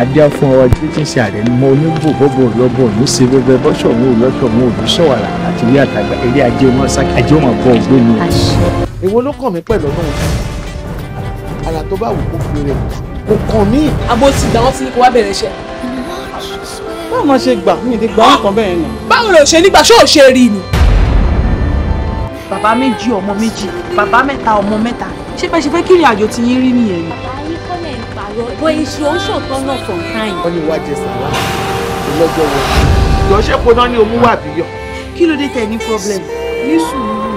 adé fún ọ tí tí ń ṣe àrẹ mọ oníbòbòbò lọbọ ní ṣe bẹbẹ bọṣọwọ lọṣọwọ olùṣọwàrà àti ilé àtàgbà eré ajé wọn sákì ajé wọn bọ ògbé ni. èwo ló kàn mí pẹ̀lú ọlọ́run ara tó bá wù kó fi rẹ̀ kò kàn mí. àbò ti gbà wọn ti ní kó wá bẹ̀rẹ̀ iṣẹ́. báwo ma ṣe gbà mí ní gbà wọn kan bẹ́ẹ̀ ni. báwo lè ṣe nígbà ṣó ò ṣe rí ni. bàbá méjì ọmọ méjì bàbá mẹ́ta ọmọ mẹ́ta ṣé bẹ́ẹ̀ ṣe fẹ́ kí ìrìn àjò ti yín rí nìyẹn ni but it's your short turn off on time. wọ́n ní wájú ẹsẹ̀ wá lọ́jọ́ wọn. ìyọ̀ṣẹ́ kóná ní omú wà bíyọ̀. kí ló dé tẹ̀ ní problem? ní sùúrù.